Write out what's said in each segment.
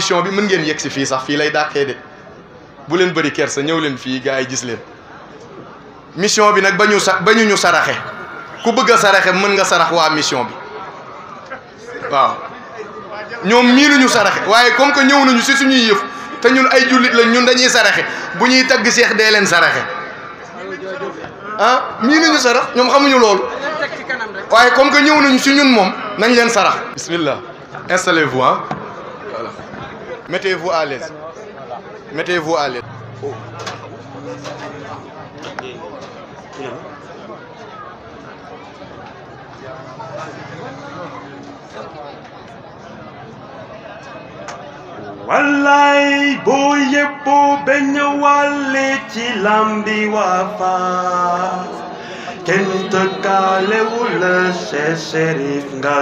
condition bi mën ngeen yegg si fii sax fii lay dàqee de bu leen bëri kersa ñëw leen fii gars yi gis leen mission bi nag ba ñu sa ba ñu saraxe ku bëgg a saraxe mën nga sarax waa mission bi waaw ñoom miinuñu saraxe waaye comme que ñëw nañu si suñuy yëf te ñun ay jullit lañ ñun dañuy saraxe bu ñuy tagg seex dee leen saraxe ah miinuñu sarax ñoom xamuñu loolu waaye comme que ñëw nañu si ñun moom nañ leen sarax bismillah installez-vous voilà Mettez-vous à l'aise. Mettez-vous à l'aise. Oh. wallaay boo yëppoo benn wàlle ci lambi wafa kente kenn tëkkaalewul se serif nga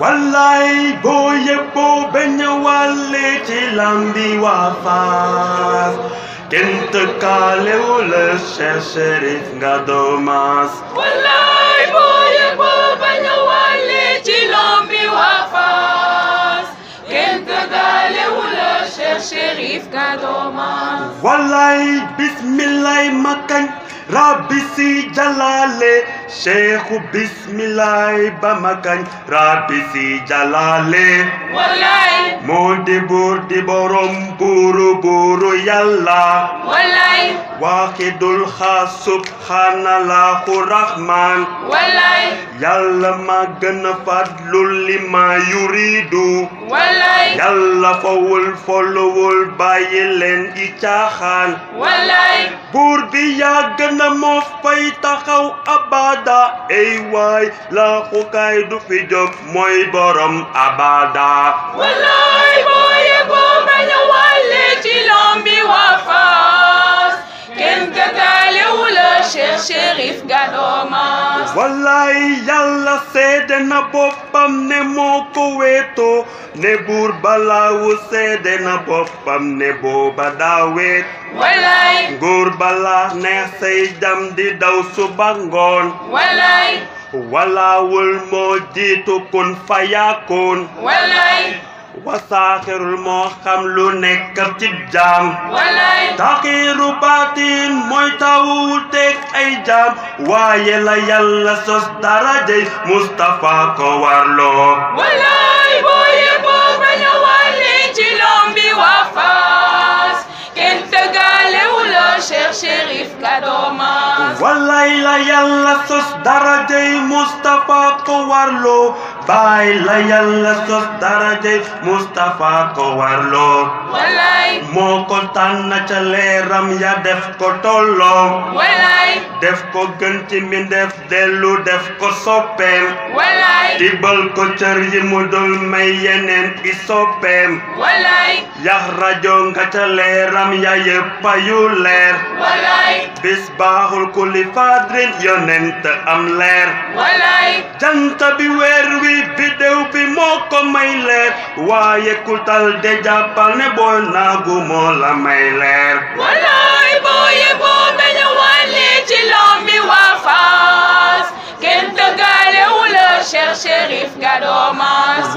wallaay boo yëppoo ba ñëwaale ci lambi waa faas kenn tëkkaalewu la Cheikh Chérif nga doomaas wallaay boo yëppoo ba ñëwaale ci lambi waa faas kenn tëkkaalewu la Cheikh Chérif nga doomaas wallaay bismillaay Rabisi Jalale, Sheikh Bismillah Bamakan, Rabisi Jalale. Walai. Modi Burdi Buru Buru Yalla. Walai. واحد الخاص سبحان الله الرحمن والله يلا ما جن فضل لما يريد والله يلا فول فول بايلن إتاخان والله بوربي يا جن مفاي تخاو أبدا أي واي لا قايد في جب موي برم أبدا والله بوي بو من يوالي تلومي وفا setaalewu la Cheikh Chérif Gadoma wallaay yàlla seede na boppam ne moo ko ne buur balaawu seede na boppam ne booba daa weet wallaay nguur balaa neex say jam di daw suba ngoon wallaay walaawul moo jiitu kun fayaakoon wallaay wasaaxirul moo xam lu nekk ci jaam taxiiru baatin mooy tawu teg ay jaam waaye la yàlla sos darajay Mustafa ko warloo walaay boo yeboo bañ a wàlle ci lombi waa Fass kenn tëggaalewu la Cheikh Chérif Kadomas la yàlla sos darajay Mustapha ko warloo baay la moo ko tànn ca leeram ya def ko tolloo def ko gën ci mbindeef dellu def ko soppeem tibal ko cër yi mu dul may yeneen i soppeem yax rajo nga ca leeram ya yëppa yu leer bis ku li fadri yonent am leer jant bi weer wi biddew bi moo ko may leer waaye ku tal de ne boo naagu moo la may leer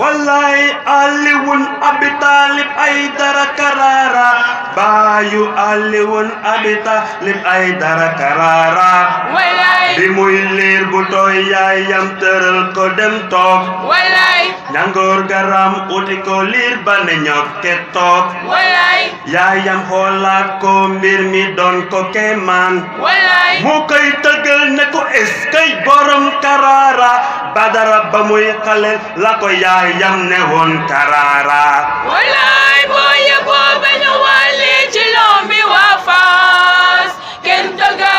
wallaay aliwun abi taalib ay dara karaara baayu aliwun abi taalib ay dara karaara bi muy liir bu tooy yaayam tëral ko dem Njangoor garam uti ko liir ba ne ñokke toog wallaay yaayam xoolaat ko mbir mi doon ko kemaan wallaay mu koy tëggal ne ko eskay borom karaara badara ba muy xale la ko yaayam ne woon karaara wallaay boo yeboo ba ñu wàlli ci lombi waa faas kenn tëggal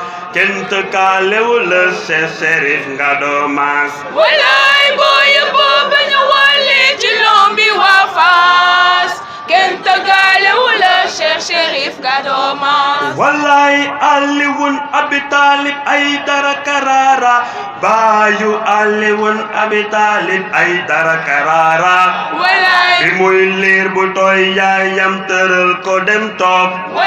cent kaalewul se serif nga doo maas walaay boo yëppoo ba ñu wàllee ci lombi waa faas kent kaalewul se serif nga wallaay aliwun abi talib ay dara karara baayu aliwun abi talib ay dara karara bi muy liir bu tooy yaayam tëral ko dem toog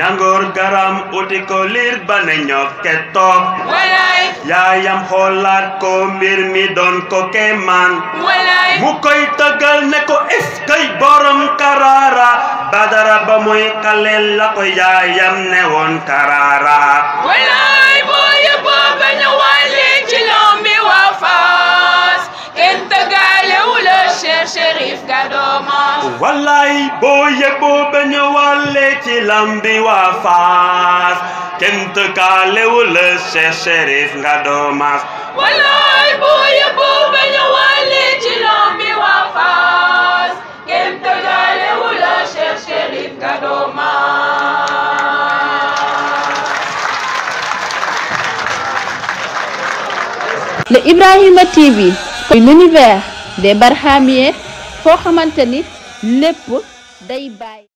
ñangoor garam uti ko liir ba ne ñof ke toog yaayam xoolaat ko mbir mi doon ko kemaan koy tëggal ne ko ba muy xaleel la ko yaayam ne woon karaara walaay boo yëpp bañ a wàlle ci lombi waa kenn tëggale wu la Cheikh Chérif Fass ngeen tëgale le Ibrahima TV l'univers des barhamiens foo xamante ni lépp day bàyyi